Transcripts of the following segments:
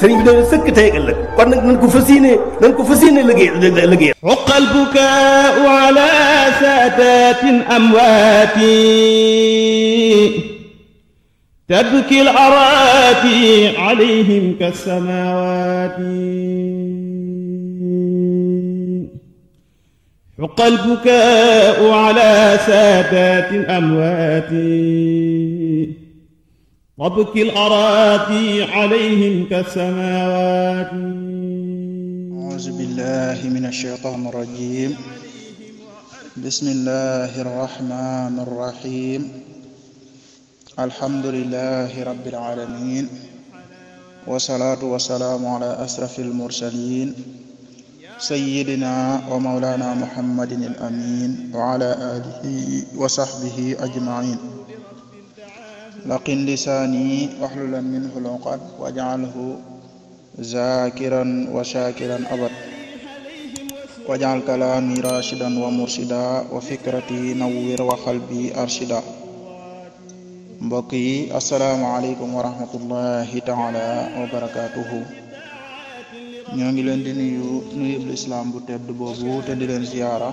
sëriñ bi dañu sëkk tey ëllëg kon nag nañ ko fas yéene nañ ko fas yéene liggéey liggéey uqal bukaau ala saadatin amwaati tabki al araati alayhim kasamawaati uqal bukaau ala saadatin amwaati وابكي الأراضي عليهم كالسماوات أعوذ بالله من الشيطان الرجيم بسم الله الرحمن الرحيم الحمد لله رب العالمين والصلاة والسلام على أشرف المرسلين سيدنا ومولانا محمد الأمين وعلى آله وصحبه أجمعين laqin lisaani waxlulan minhu lonqat wajaalhu zakiran wa shakiran abad wajaal kalaami rashidan wa mursida wa fikrati nawwir wa qalbi arshida mbokk yi asalaamualeykum wa rahmatullahi taala wa barakatuhu ñoo ngi leen di nuyu nuyub lislaam bu tedd boobu te di leen ziyaara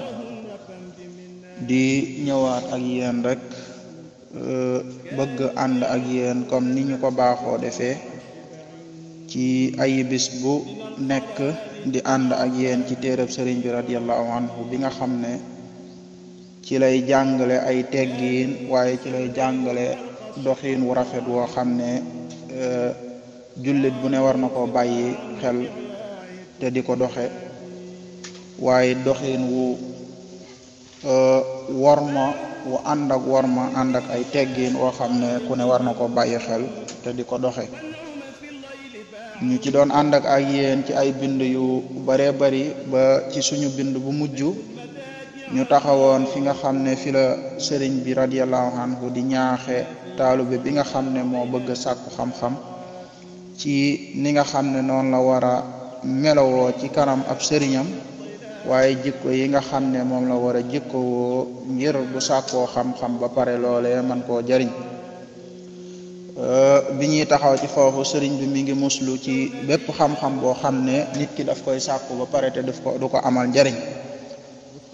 di ñëwaat ak yeen rek Euh, bëgg ànd ak yéen comme ni ñu ko baaxoo defee ci ay bis bu nekk di ànd ak yéen ci téereb sëriñ bi radiallahu anhu bi nga xam ne ci lay jàngale ay teggiin waaye ci lay jàngale doxiin wu rafet woo xam ne euh, jullit bu ne war na koo bàyyi xel te di ko doxe waaye doxiin wu Euh, worma wu ànd ak worma ànd ay teggiin woo xam ne ku ne war na ko bàyyi xel te di ko doxe ñu ci doon àndak ak yeen ci ay bind yu bare bari ba ci suñu bind bu mujj ñu taxawoon fi nga xam ne fila sëriñ bi radiyallahu anhu di ñaaxe taalube bi nga xam ne moo bëgg sàkku xam-xam ci ni nga xam ne noonu la war a melowoo ci kanam ab sëriñam waaye jikko yi nga xam ne moom la war a jikko woo ngir bu sàkkoo xam-xam ba pare loolee man koo jariñ euh, bi ñuy taxaw ci foofu sëriñ bi mi ngi muslu ci bépp xam-xam boo xam ne nit ki daf koy sàkku ba pare te daf ko du ko amal njariñ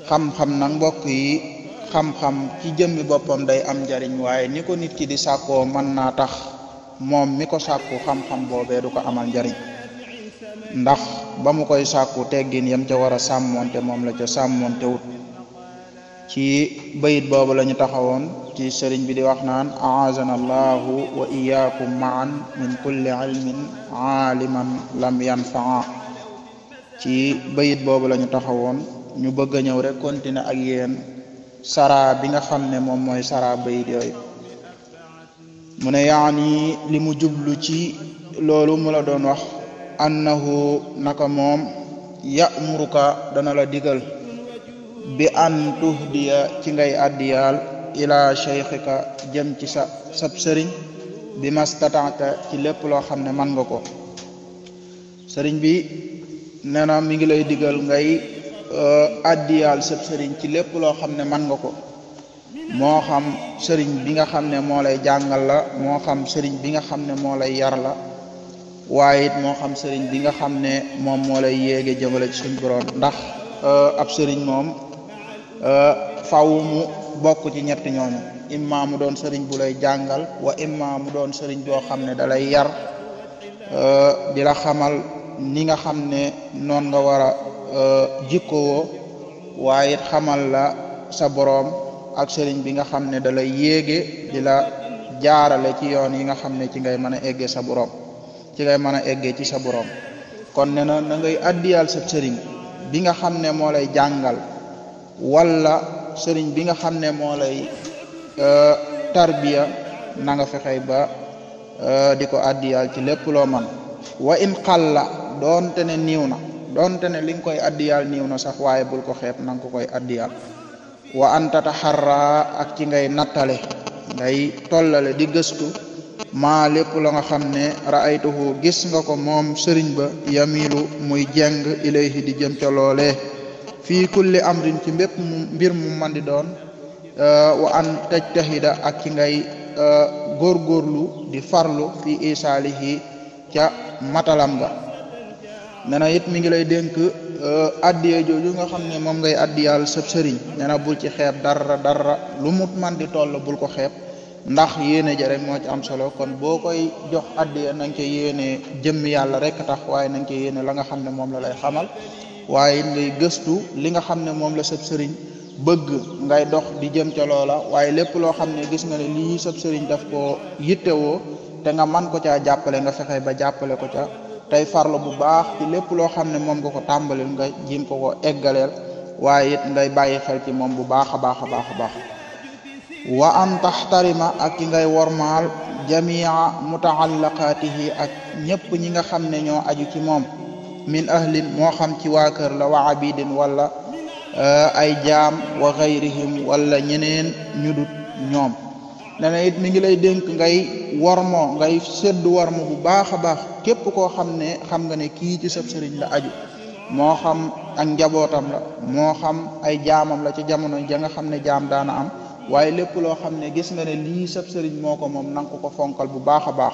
xam-xam nag mbokk yi xam-xam ci jëmmi boppam day am njariñ waaye ni ko nit ki di sàkkoo mën naa tax moom mi ko sàkku xam-xam boobee du ko amal njariñ ndax ba mu koy sàkku teggin yam ca war a sàmmonte moom la ca sàmmonte wut ci bayit boobu la ñu taxawoon ci sëriñ bi di wax naan aazana allahu wa iyaakum maan min kulli ilmin aaliman lam yanfaa ci bayit boobu lañu ñu taxawoon ñu bëgg a ñëw rek continuer ak yen sara bi nga xam ne moom mooy sara bayit yooyu mu ne yaani li jublu ci loolu mu la doon wax annahu naka moom ya'muruka dana la digal bi an tuhdiya ci ngay addiyaal ila cheikhika jëm ci sa sab sëriñ bi mastatanta ci lépp loo xam ne man nga ko sëriñ bi nee na mi ngi lay digal ngay addiyaal euh, sab sëriñ ci lépp loo xam ne man nga ko moo xam sëriñ bi nga xam ne moo lay jàngal la moo xam sëriñ bi nga xam ne moo lay yar la waaye it moo xam sëriñ bi nga xam ne moom moo lay yéege jëmale ci suñ borom ndax euh, ab sëriñ moom euh, faw mu bokk ci ñetti ñooñu imma mu doon sëriñ bu lay jàngal wa imma mu doon sëriñ boo xam ne dalay yar euh, di la xamal ni nga xam ne noon nga war a jikkowoo waaye xamal la sa boroom ak sëriñ bi nga xam ne dalay yéege di la jaarale ci yoon yi nga xam ne ci ngay mën a eggee sa boroom ci ngay mën a eggee ci sa borom kon ne na na ngay addiyal sa sëriñ bi nga xam ne moo lay jàngal wala sëriñ bi nga xam ne moo lay e, tarbiya na nga fexey ba e, di ko addiyal ci lépp loo man wa in xalla doonte ne niiw na doonte ne li nga koy addiyal niiw na sax waaye bul ko xeeb na nga ko koy addiyal wa an tataxarra ak ci ngay nattale ngay tollale di gëstu maa lépp la nga xam ne raaytuhu gis nga ko moom sëriñ ba yamilu muy jeng ilayhi di jëm ca loole fii kulli amrin ci mbépp mbir mu man di doon euh, wa an tajtahida ak ci ngay euh, góorgóorlu di farlu fi isaalihi ca matalam nga nee na it mi ngi lay dénk euh, addiya jooju nga xam ne moom ngay addiyal sab sëriñ nee na bul ci xeeb dara dara lu mu mandi di toll bul ko xeeb ndax yéene ja rek moo ci am solo kon boo koy jox addiya nañ nga ca yéene jëmm yàlla rek tax waaye nañ nga ca yéene la nga xam ne moom la lay xamal waaye ngay gëstu li nga xam ne moom la sab sëriñ bëgg ngay dox di jëm ca loola waaye lépp loo xam ne gis nga ne lii sab sëriñ daf koo yittewoo te nga man ko caa jàppale nga fexe ba jàppale ko ca tey farlu bu baax ci lépp loo xam ne moom nga ko tàmbalil nga jiim ko ko eggaleel waaye it ngay bàyyi xel ci moom bu baax a baax a baax a baax wa an taxtarima ak ki ngay wormaal jamia mutaallaqaatihi ak ñépp ñi nga xam ne ñoo aju ci moom min ahlin moo xam ci waa kër la wa abidin wala euh, ay jaam wa gayrihim wala ñeneen ñu dut ñoom dana it mi ngi lay dénk ngay wormo ngay séddu wormo bu baax a baax képp koo xam ne xam nga ne kii ci sab sëriñ la aju moo xam ak njabootam la moo xam ay jaamam la ci jamono ja nga xam ne jaam daana am waaye lépp loo xam ne gis nga ne lii sab sëriñ moo ko moom nang ko ko fonkal bu baax a baax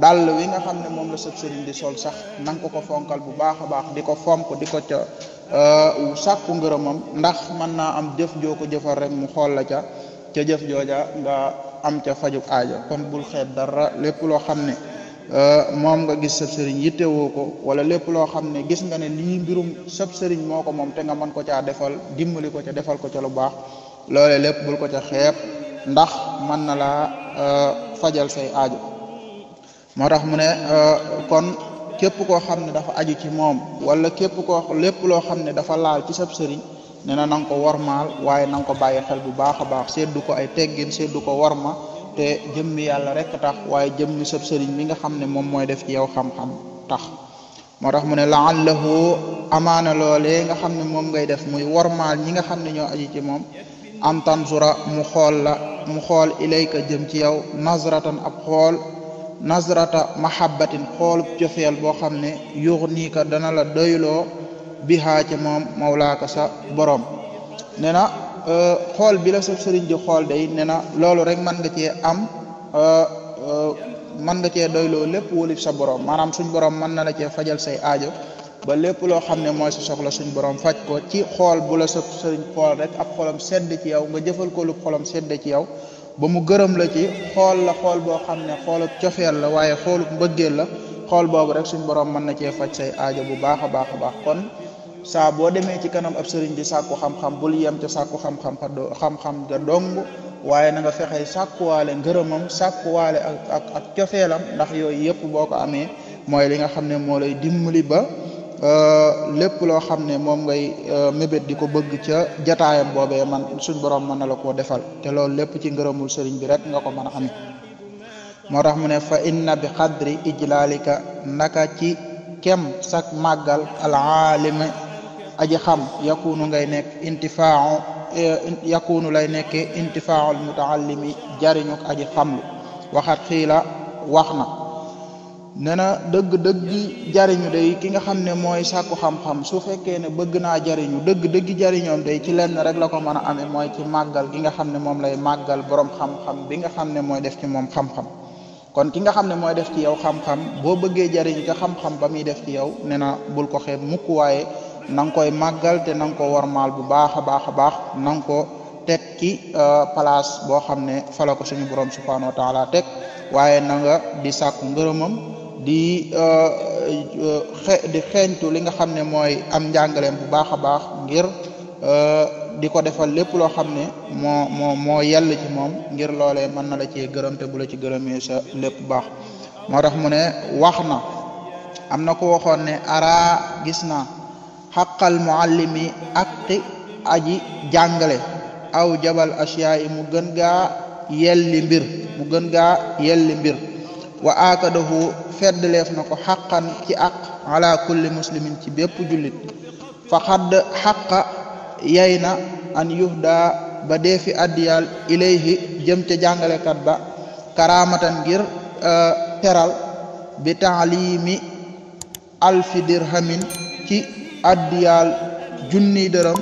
dàll wi nga xam ne moom la sab sëriñ di sol sax nanga ko ko fonkal bu baax a baax di ko fonk di ko ca euh, sàkku ngërëmam ndax mën naa am jëf ko jëfal rek mu xool la ca ca jëf jooja nga am ca fajug kon bul xeet dara lépp loo xam ne euh, moom nga gis sab sëriñ yittewoo ko wala lépp loo xam ne gis nga ne lii mbirum sab sëriñ moo ko moom te nga mën ko caa defal dimbali ko ca defal ko ca lu baax loole lépp bul ko ca xeeb ndax man na laa euh, fajal say aajo moo tax mu ne euh, kon képp koo xam ne dafa aju ci moom wala képp koo lépp loo xam ne dafa laal ci sab sëriñ ne na nanga ko warmaal waaye nang ko bàyyi xel bu baax a baax seddu ko ay teggin seddu ko warma te jëmmi yàlla rek tax waaye jëmmi sab sëriñ mi nga xam ne moom mooy def ci yow xam-xam tax moo tax mu ne laallahu amaana loolee nga xam ne moom ngay def muy wormaal ñi nga xam ne ñoo aji ci moom an tansura mu xool la mu xool ilayka jëm ci yow nazratan ab xool nazrata mahabbatin xoolub cofeel boo xam ne yuux nii dana la doyloo bihaa ca moom mawlaaka sa boroom nee na euh, xool bi la sa sëriñ di xool day nee na loolu rek mën nga cee am euh, euh, man nga cee doyloo lépp wólif sa borom maanaam suñ borom mën na la cee fajal say aajo ba lépp loo xam ne mooy sa soxla suñ borom faj ko ci xool bu la sa sëriñ xool rek ab xolam sedd ci yow nga jëfal ko lu xolam sedd ci yow ba mu gërëm la ci xool la xool boo xam ne xoolub cofeel la waaye xoolub mbëggeel la xool boobu rek suñ borom mën na cee faj say bu baax a baax a baax kon saa boo demee ci kanam ab sëriñ di sàkku xam bul yem ca sàkku xam-xam xam-xam nga waaye na nga fexee sàkkuwaale ngërëmam sàkkuwaale ak ak ak cofeelam ndax yooyu yëpp boo ko amee mooy li nga xam ne moo lay dimbali ba Euh, lépp loo xam ne moom ngay euh, mébét di ko bëgg ca jataayam boobee man suñ borom mën na la koo defal te loolu lépp ci ngërëmul sëriñ bi rek nga ko mën a amee moo tax mu ne fa inna bi xadri ijlalika naka ci kem sak màggal alaalimi aji xam yakunu ngay nekk intifaau euh, yakunu lay nekke intifaaul mutaallimi jariñuk aji xam lu waxat xiila wax na nee na dëgg-dëggi jariñu day ki nga xam ne mooy sàkku xam-xam su fekkee ne bëgg naa jariñu dëgg dëgg jariñoom day ci lenn rek la ko mën a amee mooy ci màggal gi nga xam ne moom lay màggal borom xam-xam bi nga xam ne mooy def ci moom xam kon ki nga xam ne mooy def ci yow xam-xam boo bëggee jariñu ca xam-xam ba muy def ci yow nee na bul ko xeeb mukk waaye na nga koy màggal te na nga ko maal bu baax a baax a baax na nga ko teg ci euh, place boo xam ne fala ko suñu borom subhanahu wa taala teg waaye na nga di sàkku ngërëmam di uh, uh, di xeeñtu li nga xam ne mooy am njàngaleem bu baax a baax ngir uh, di ko defal lépp loo xam ne moo moo moo yell ci moom ngir loole mën na la ci gërëm te bu la ci gërëmee sa lépp baax moo tax mu ne wax na am na ko waxoon ne ara gis na xaqal muallimi aqi aji jàngale aw jabal asiyaa yi mu gën gaa yelli mbir mu gën gaa yelli mbir wa aakadahu feddleef na ko xaqan ci àq ala kulli muslimin ci bépp jullit fa xadd xaqa yay na an yuhda ba dee fi addiyal ilayhi jëm ca jàngalekat ba karamatan ngir teral euh, bi taalimi alfi ci addiyal junni dërëm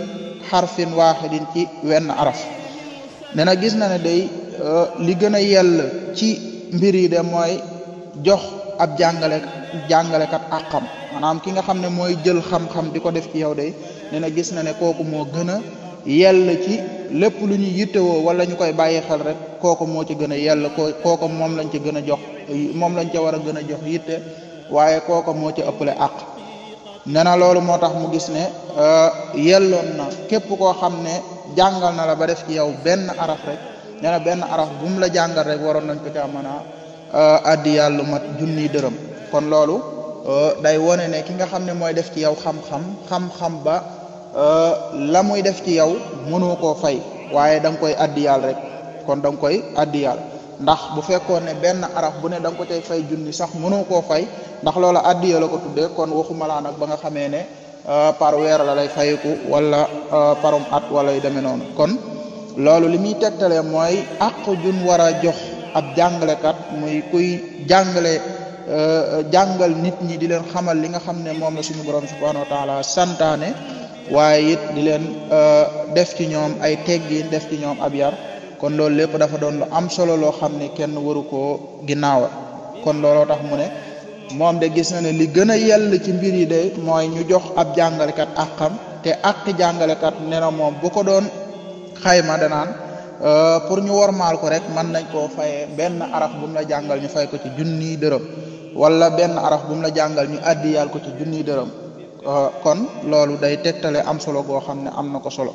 xarfin waaxidin ci wenn araf nee gis na ne day euh, li yell ci mbir yi de mooy jox ab jàngale jàngalekat ak xam maanaam ki nga xam ne mooy jël xam-xam di ko def ci yow de nee na gis na ne kooku moo gën a yell ci lépp lu ñuy yittewoo wala ñu koy bàyyi xel rek kooku moo ci gën a yell koo kooku moom lañ ci gën a jox moom lañ ca war a gën a jox yitte waaye kooku moo ci ëppale àq nee na loolu moo tax mu gis ne euh, yelloon na képp koo xam ne jàngal na la ba def ci yow benn araf rek. nee benn araf bum la jàngal rek waroon nañ ko caa mën a euh, addi yàllu mat junni dërëm kon loolu euh, day wone ne ki nga xam ne mooy def ci yow xam-xam xam-xam ba euh, la muy def ci yow mënoo koo fay waaye da nga koy addi rek kon da koy addi ndax bu fekkoon ne benn araf bu ne da nga ko cay fay junni sax mënoo koo fay ndax loola addiya la ko tuddee kon waxuma laa nag ba nga xamee ne par weer la lay fayeku wala parum at wala yu demee noonu kon loolu li muy tegtale mooy àq jun war a jox ab jàngalekat muy kuy jàngale euh, jàngal nit ñi di leen xamal li nga xam ne moom la suñu borom subhanahu wa taala santaane waaye it di leen euh, def ci ñoom ay teggin def ci ñoom ab yar kon loolu lépp dafa doon lu am solo loo xam ne kenn waru koo ginnaawal kon looloo tax mu ne moom de gis na ne li gën a yell ci mbir yi de mooy ñu jox ab jàngalekat àqam te àq jàngalekat nee na moom boo ko doon. xayma danaan euh, pour ñu wormaal ko rek mën nañ ko fayee benn araf bu la jàngal ñu fay ko ci junniy dërëm wala benn araf bum la jàngal ñu àddiyaal ko ci junniy dërëm euh, kon loolu day tegtale am solo goo xam ne am na ko solo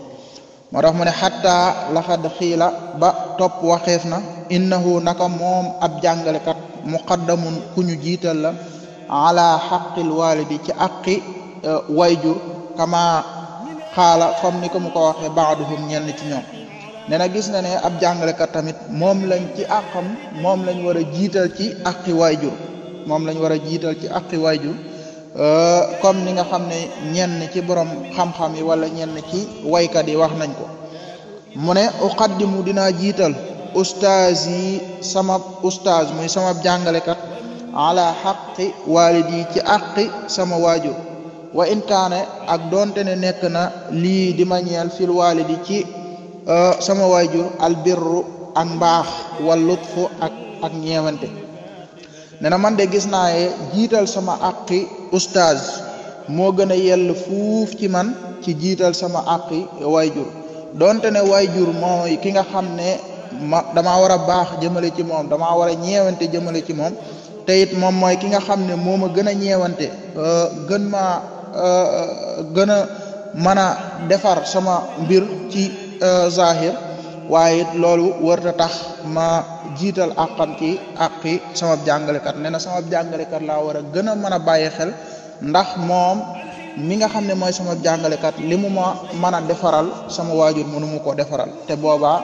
moo tax mu ne xattaa laxad xiila ba topp waxeef na innahu naka moom ab jàngalekat muqaddamun ku ñu jiital la ala xaqil walidi ci aqi euh, wayjur kama xaala comme ni ko mu ko waxee baaduhum ñenn ci ñoom nee na gis na ne ab jàngalekat tamit moom lañ ci àqam moom lañ war a jiital ci àqi waajur moom lañ war a jiital ci àqi waajur euh, comme ni nga xam ne ñenn ci borom xam-xam yi wala ñenn ci waykat yi wax nañ ko mu ne uqaddimu dinaa jiital ustaaz yi sama ustaaz muy sama jàngalekat ala xaqi waalid yi ci àqi sama waajur wa inkaane ak doonte ne nekk na lii di ma ñeel fil waalidi ci euh, sama waajur albirru ak mbaax wal lutfu ak ak ñeewante ne man de gis naa ye jiital sama àqi ustaaz moo gën a yell fuuf ci man ci jiital sama àqi waajur doonte ne waajur mooy ki nga xam ne ma damaa war a baax jëmale ci moom damaa wara a ñeewante jëmale ci moom te it moom mooy ki nga xam ne moo ma gën a ñeewante euh, gën maa gën a mën a defar sama mbir ci euh, zahir waaye it loolu warta tax ma jiital àqam ci àqi sama jàngalekat nee na sama jàngalekat laa war a gën a mën a bàyyi xel ndax moom mi nga xam ne mooy sama jàngalekat li mu ma mën a defaral sama waajur mënu mu ko defaral te boobaa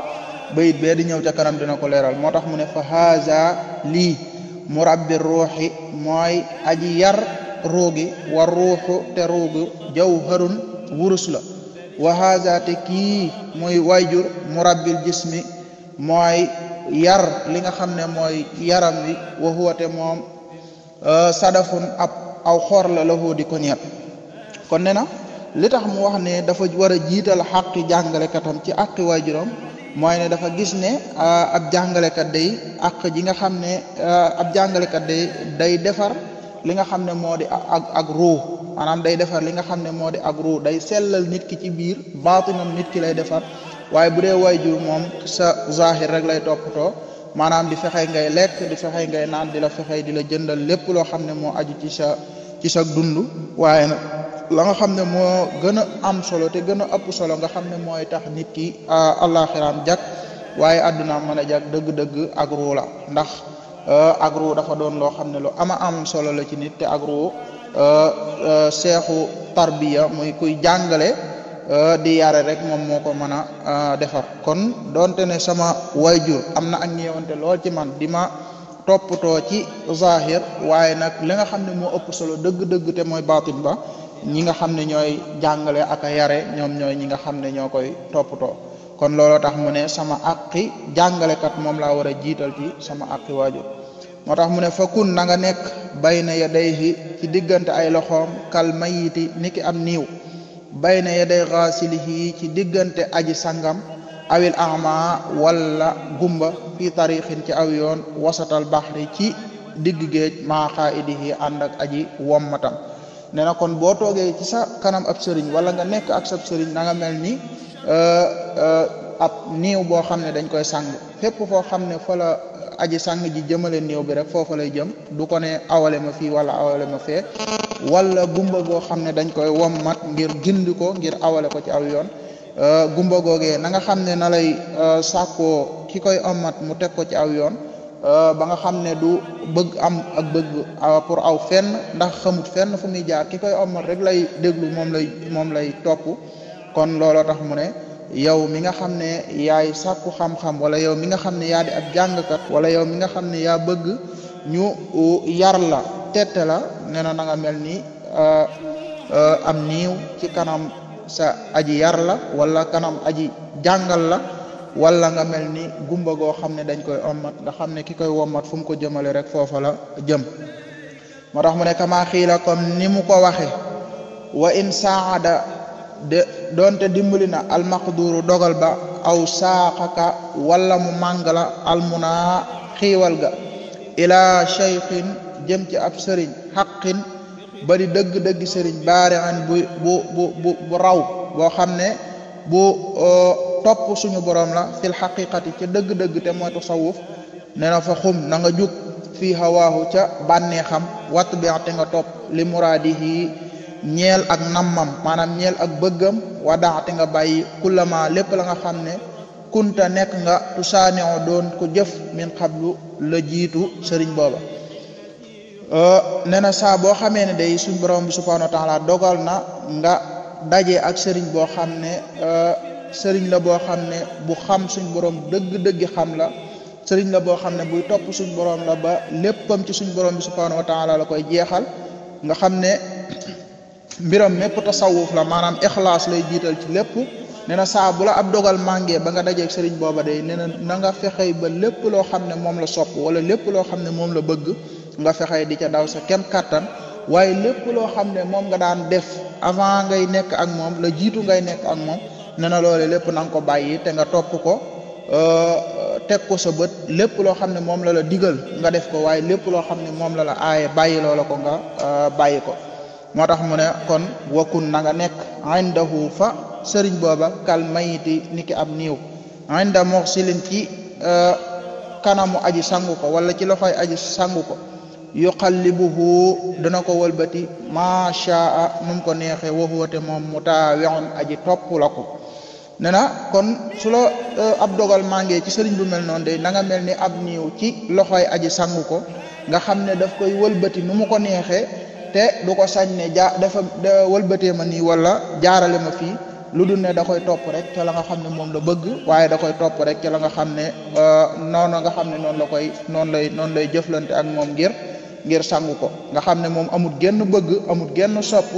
bayit bee di ñëw ca kanam dina ko leeral moo tax mu ne fa haza lii murabbi ruuxi mooy aji yar roogi wa ruuxu te roogi jawharun wurus la wa te kii mooy waajur murabbil jismi mooy yar li nga xam ne mooy yaram wi wa huwa moom euh, sadafun ab aw xoor la la hoo di ko ñeel kon ne na li tax mu wax ne dafa war a jiital xaqi jàngalekatam ci àqi waajuram mooy ne dafa gis ne euh, ab jàngalekat day àq ji nga xam ne euh, ab jàngalekat day day defar li nga xam ne moo di ak ak ruu maanaam day defar li nga xam ne moo di ak ruu day sellal nit ki ci biir baatinam nit ki lay defar waaye bu dee waajur moom sa zahir rek lay toppatoo maanaam di fexe ngay lekk di fexe ngay naan di la fexe di la jëndal lépp loo xam ne moo aju ci sa ci sa dund waaye la nga xam ne moo gën a am solo te gën a ëpp solo nga xam ne mooy tax nit ki àllaaxiraam jag waaye àdduna mën a jag dëgg-dëgg ak ruu la ndax Euh, agro dafa doon loo xam ne loo ama am solo la ci nit te agro euh, euh, seexu tarbiya muy kuy jàngale di yare rek moom moo ko mën a defar kon donte ne sama wayjur am na ak ñeewante lool ci man di ma toppatoo ci zahir waaye nag li nga xam ne moo ëpp solo dëgg-dëgg te mooy baatin ba ñi nga xam ne ñooy jàngale ak a yare ñoom ñooy ñi nga xam ne ñoo koy toppatoo kon looloo tax mu ne sama àqi jàngalekat moom laa war a jiital ci sama àqi waajur moo tax mu ne fa kun na nga nekk bayna yadayhi ci diggante ay loxoom kal mayiti niki am niiw bayna yaday xaasilihi ci diggante aji sangam awil ama wala gumba fii tarixin ci aw yoon wasatal baxri ci digg géej maa xaidihi ànd ak aji wommatam nee na kon boo toogee ci sa kanam ab sëriñ wala nga nekk ak sab sëriñ na nga mel ni euh, euh, ab niiw boo xam ne dañ koy sang fépp foo xam ne fa aji sang ji jëmale néew bi rek foofa lay jëm du ko ne awale ma fii wala awale ma fee wala gumba goo xam ne dañ koy wom wommat ngir gindi ko ngir awale ko ci aw yoon euh, gumba googee na nga xam ne na lay euh, sàkkoo ki koy ommat mu teg ko ci aw yoon euh, ba nga xam ne du bëgg am ak bëgg pour aw fenn ndax xamut fenn fu muy jaar ki koy ommat rek lay déglu moom lay moom lay topp kon looloo tax mu ne yow mi nga xam ne yaay sàkku xam-xam wala yow mi nga xam ne yaa di ab jàngkat wala yow mi nga xam ne yaa bëgg ñu yar la tete la nee na na nga mel ni uh, uh, am niiw ci kanam sa aji yar la wala kanam aji jàngal la wala nga mel ni gumba goo xam ne dañ koy ommat nga xam ne ki koy wommat fu mu ko jëmale rek foofa la jëm moo tax mu ne kama xiila comme ni mu ko waxe wa in saada de doonte dimbali na almaqduru dogal ba aw saaxaka wala mu la almuna xiiwal ga ilaa cheykhin jëm ci ab sëriñ xaqin ba di dëgg-dëgg sëriñ baari an bu bu bu bu raw boo xam ne bu topp suñu borom la fil xaqiqati ca dëgg-dëgg te mooy tasawuf ne fa xum na nga jug fii ca bànneexam wat bi te nga topp li muraadihi ñeel ak nammam maanaam ñeel ak bëggam wadaate nga bàyyi kullama lépp la nga xam ne kunta nekk nga tusaaneo doon ko jëf min xablu la jiitu sëriñ booba nee na saa boo xamee ne day suñ borom bi subhanahu wa taala dogal na nga daje ak sëriñ boo xam ne sëriñ la boo xam ne bu xam suñ borom dëgg-dëgg xam la sëriñ la boo xam ne buy topp suñ borom la ba léppam ci suñ borom bi subhanahu wa koy jeexal nga xam ne mbiram mépp tasawuf la maanaam ixlaas lay jiital ci lépp nee na saa la ab dogal màngee ba nga dajeeg sëriñ booba day nee na na nga fexey ba lépp loo xam ne moom la sopp wala lépp loo xam ne moom la bëgg nga fexey di ca daw sa kem kàttan waaye lépp loo xam ne moom nga daan def avant ngay nekk ak moom la jiitu ngay nekk ak moom nee na loole lépp nanga ko bàyyi te nga topp ko euh, teg ko sa bët lépp loo xam ne moom la la digal nga def ko waaye lépp loo xam ne moom la la aaye bàyyi loola ko nga euh, bàyyi ko moo tax mu ne kon wakkun na nga nekk indahu fa sëriñ booba kal mayiti niki ab niiw inda moxsilin ci e, kanamu aji sangu ko wala ci loxoy aji sangu ko yuqallibuhu dana ko wëlbati mashaa nu mu ko neexee waxuwate moom mu taaweon aji topp la ko ne na kon su la e, ab dogal màngee ci sëriñ bu mel noonu de na mel ni ab niiw ci loxoy aji sangu ko nga xam ne daf koy wëlbati nu mu ko neexee te du ko sañ ne ja dafa wëlbatee ma nii wala jaarale ma fii lu dul ne da koy topp rek ca la nga xam ne moom la bëgg waaye da koy topp rek ca la nga xam ne euh, noonu nga xam ne noonu la koy noonu lay noonu lay jëflante ak moom ngir ngir sangu ko nga xam ne moom amut genn bëgg amul genn sopp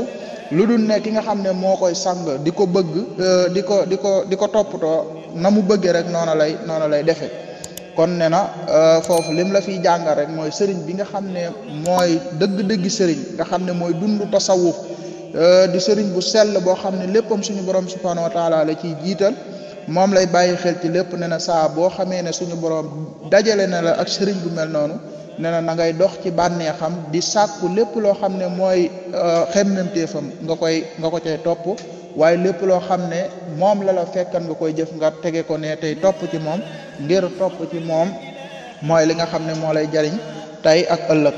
lu dul ne ki nga xam ne moo koy sang di ko bëgg euh, di ko di ko di ko toppatoo na mu bëggee rek noonu lay noonu lay defee. kon ne na euh, foofu lim la fiy jàngal rek mooy sëriñ bi nga xam ne mooy dëgg-dëgg sëriñ nga xam ne mooy dund tasawuf euh, di sëriñ bu sell boo xam ne léppam suñu borom subhanahu wa taala la ciy jiital moom lay bàyyi xel ci lépp ne na saa boo xamee ne suñu borom dajale na la ak sëriñ bu mel noonu ne na na ngay dox ci bànneexam di sàkku lépp loo xam ne mooy euh, xemmemteefam nga koy nga ko cay topp waaye lépp loo xam ne moom lala la fekkan nga koy jëf nga tege ko ne tey topp ci moom ngir topp ci moom mooy li nga xam ne moo lay jariñ tey ak ëllëg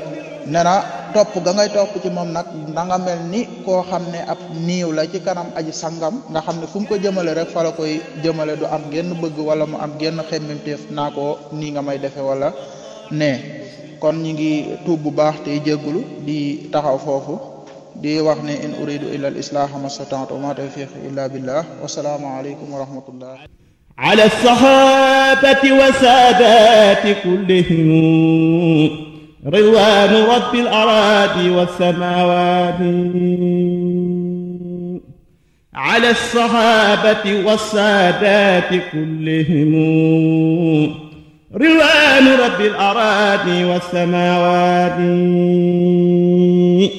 ne na topp ga ngay topp ci moom nag na mel ni koo xam ne ab niiw la ci kanam aji sangam nga xam ne fu mu ko jëmale rek fa la koy jëmale du am genn bëgg wala mu am genn xemmimteef naa ko nii nga may defe wala ne kon ñi ngi tuub bu baax tey jéggulu di taxaw foofu di wax ne in uridu illa al islaaha mastata'tu ma tawfiqi illa billah wa salaamu alaykum wa rahmatullah ala sahabati wa saadati kullihim ridwaanu rabbil araadi wassamawaati ala saxaabati wassaadaati kullihim ridwaanu rabbil araadi wassamawaati